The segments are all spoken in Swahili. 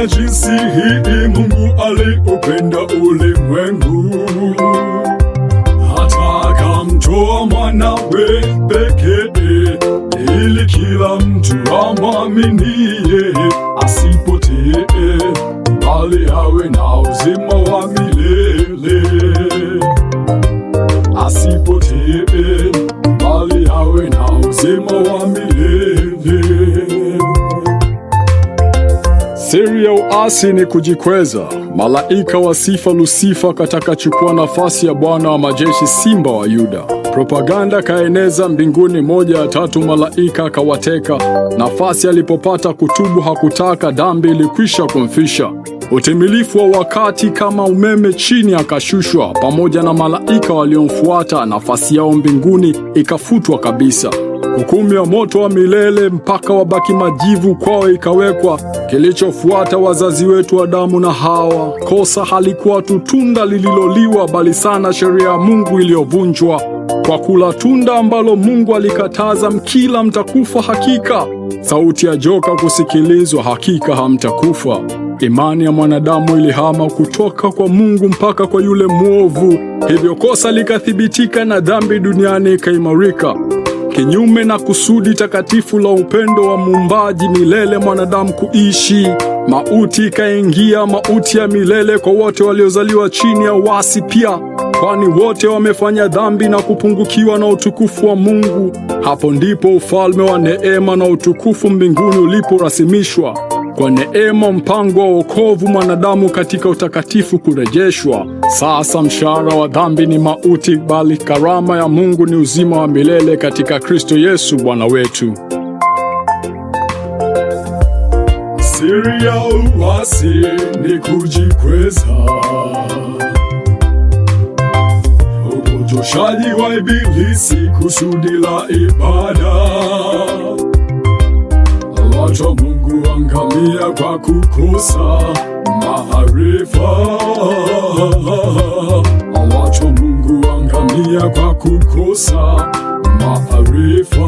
Maana jinsi hii Mungu aliupenda ulimwengu hata akamtoa mwanawe pekee, ili kila mtu amwaminiye asipotee, bali awe na uzima wa milele. Asipotee, bali awe na uzima wa milele. Siri ya uasi ni kujikweza. Malaika wa sifa Lusifa katakachukua nafasi ya Bwana wa majeshi, simba wa Yuda. Propaganda kaeneza mbinguni, moja ya tatu malaika akawateka. Nafasi alipopata kutubu hakutaka, dhambi ilikwisha kumfisha. Utimilifu wa wakati kama umeme chini akashushwa, pamoja na malaika waliomfuata, nafasi yao mbinguni ikafutwa kabisa. Hukumu ya moto wa milele mpaka wabaki majivu kwao ikawekwa. Kilichofuata wazazi wetu Adamu na Hawa. Kosa halikuwa tu tunda lililoliwa, bali sana sheria ya Mungu iliyovunjwa. Kwa kula tunda ambalo Mungu alikataza, mkila mtakufa hakika. Sauti ya joka kusikilizwa, hakika hamtakufa. Imani ya mwanadamu ilihama kutoka kwa Mungu mpaka kwa yule mwovu, hivyo kosa likathibitika na dhambi duniani ikaimarika kinyume na kusudi takatifu la upendo wa muumbaji milele mwanadamu kuishi, mauti ikaingia, mauti ya milele kwa wote waliozaliwa chini ya uasi pia, kwani wote wamefanya dhambi na kupungukiwa na utukufu wa Mungu. Hapo ndipo ufalme wa neema na utukufu mbinguni uliporasimishwa kwa neema mpango wa wokovu mwanadamu katika utakatifu kurejeshwa. Sasa mshahara wa dhambi ni mauti, bali karama ya Mungu ni uzima wa milele katika Kristo Yesu Bwana wetu. Siri ya uasi ni kujikweza. Upotoshaji wa Ibilisi kusudi la ibada kwa kukosa maarifa, awacho Mungu angamia kwa kukosa maarifa.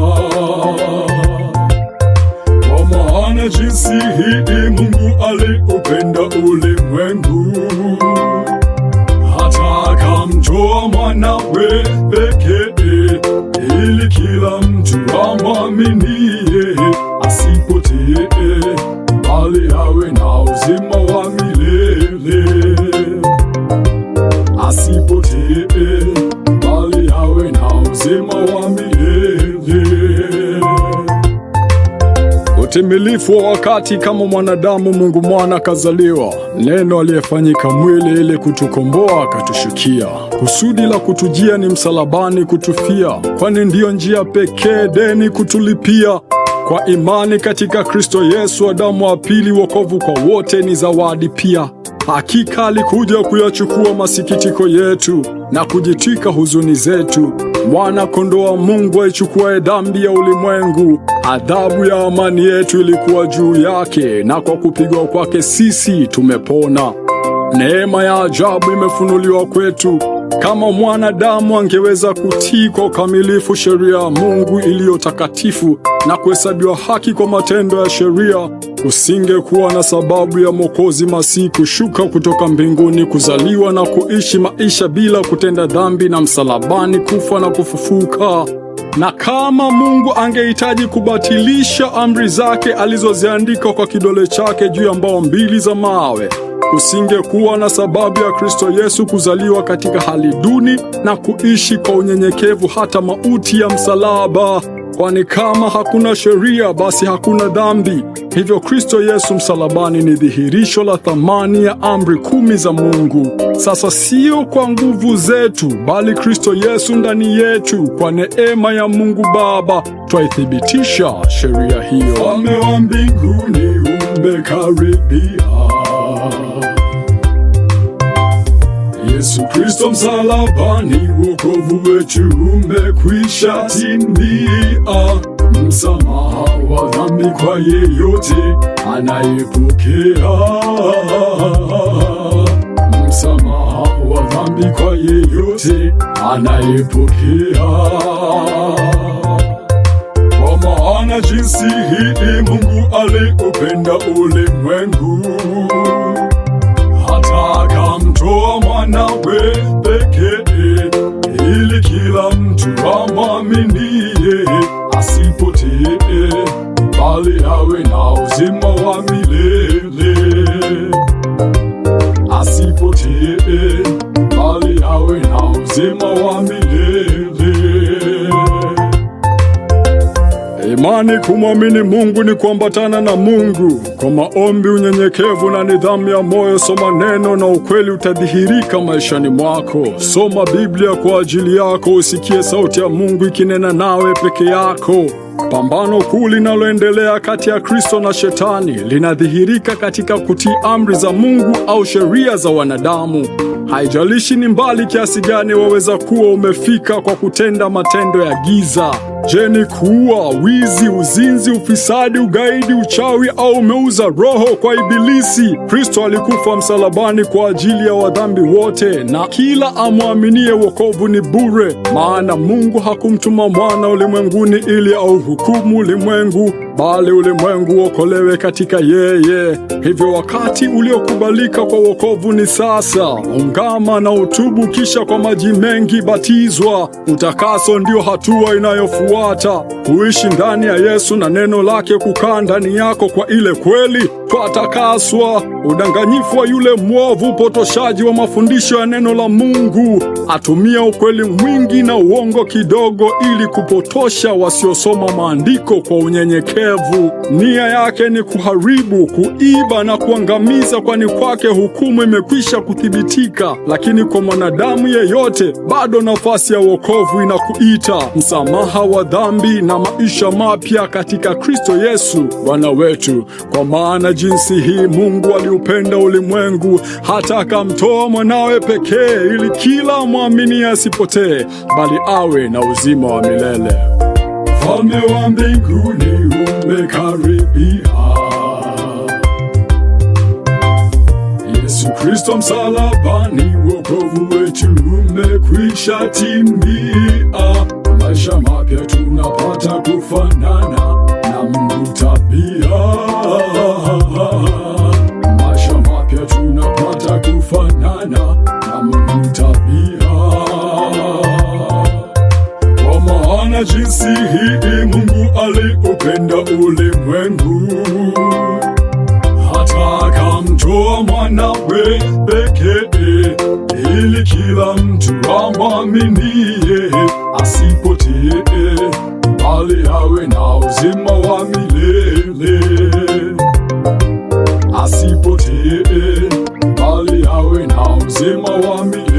Kwa maana jinsi hii Mungu aliupenda ulimwengu hata akamtoa mwanawe pekee, ili kila mtu amwaminie uzima wa milele, asipotee bali awe na uzima wa milele. Utimilifu wa wakati kama mwanadamu, Mungu mwana akazaliwa, neno aliyefanyika mwili ili kutukomboa akatushukia. Kusudi la kutujia ni msalabani kutufia, kwani ndiyo njia pekee deni kutulipia. Kwa imani katika Kristo Yesu, Adamu wa pili, wokovu kwa wote ni zawadi pia. Hakika alikuja kuyachukua masikitiko yetu na kujitwika huzuni zetu. Mwana kondoo wa Mungu aichukuaye dhambi ya ulimwengu, adhabu ya amani yetu ilikuwa juu yake, na kwa kupigwa kwake sisi tumepona. Neema ya ajabu imefunuliwa kwetu. Kama mwanadamu angeweza kutii kwa ukamilifu sheria ya Mungu iliyo takatifu na kuhesabiwa haki kwa matendo ya sheria, usingekuwa na sababu ya Mwokozi Masihi kushuka kutoka mbinguni, kuzaliwa na kuishi maisha bila kutenda dhambi, na msalabani kufa na kufufuka. Na kama Mungu angehitaji kubatilisha amri zake alizoziandika kwa kidole chake juu ya mbao mbili za mawe, kusingekuwa na sababu ya Kristo Yesu kuzaliwa katika hali duni na kuishi kwa unyenyekevu hata mauti ya msalaba kwani kama hakuna sheria basi hakuna dhambi. Hivyo Kristo Yesu msalabani ni dhihirisho la thamani ya amri kumi za Mungu. Sasa sio kwa nguvu zetu, bali Kristo Yesu ndani yetu, kwa neema ya Mungu Baba twaithibitisha sheria hiyo. Ufalme wa mbinguni umekaribia. Yesu Kristo msalabani, wokovu wetu umekwisha timia. Msamaha wa dhambi kwa yeyote anayepokea, msamaha wa dhambi kwa yeyote anayepokea na jinsi hii Mungu aliupenda ulimwengu hata akamtoa wanawe pekee, ili kila mtu amwaminie asipotee, bali awe na uzima wa milele. Asipotee, bali awe na uzima wa milele. Imani kumwamini Mungu ni kuambatana na Mungu kwa maombi, unyenyekevu na nidhamu ya moyo. Soma neno na ukweli utadhihirika maishani mwako. Soma Biblia kwa ajili yako, usikie sauti ya Mungu ikinena nawe peke yako. Pambano kuu linaloendelea kati ya Kristo na Shetani linadhihirika katika kutii amri za Mungu au sheria za wanadamu. Haijalishi ni mbali kiasi gani waweza kuwa umefika kwa kutenda matendo ya giza. Je, ni kuua, wizi, uzinzi, ufisadi, ugaidi, uchawi au umeuza roho kwa Ibilisi? Kristo alikufa msalabani kwa ajili ya wadhambi wote, na kila amwaminie wokovu ni bure, maana Mungu hakumtuma mwana ulimwenguni ili auhukumu ulimwengu, bali ulimwengu uokolewe katika yeye. Hivyo wakati uliokubalika kwa wokovu ni sasa. Angama na utubu, kisha kwa maji mengi batizwa. Utakaso ndio hatua inayofuata, kuishi ndani ya Yesu na neno lake kukaa ndani yako. Kwa ile kweli twatakaswa. Udanganyifu wa yule mwovu, upotoshaji wa mafundisho ya neno la Mungu, atumia ukweli mwingi na uongo kidogo, ili kupotosha wasiosoma maandiko kwa unyenyekevu. Nia yake ni kuharibu, kuiba na kuangamiza, kwani kwake hukumu imekwisha kuthibitika kuharibika, lakini kwa mwanadamu yeyote bado nafasi ya wokovu inakuita, msamaha wa dhambi na maisha mapya katika Kristo Yesu Bwana wetu. Kwa maana jinsi hii Mungu aliupenda ulimwengu hata akamtoa mwanawe pekee, ili kila mwamini asipotee, bali awe na uzima wa milele. Ufalme wa mbinguni umekaribia. Yesu Kristo msalabani, wokovu wetu umekwisha timia. Maisha mapya tunapata kufanana na Mungu tabia, maisha mapya tunapata kufanana na Mungu tabia, kwa maana jinsi hii Mungu aliupenda ulimwengu alitoa mwanawe pekee ili kila mtu amwaminie asipotee, bali awe na uzima wa milele. Asipotee, bali awe na uzima wa milele.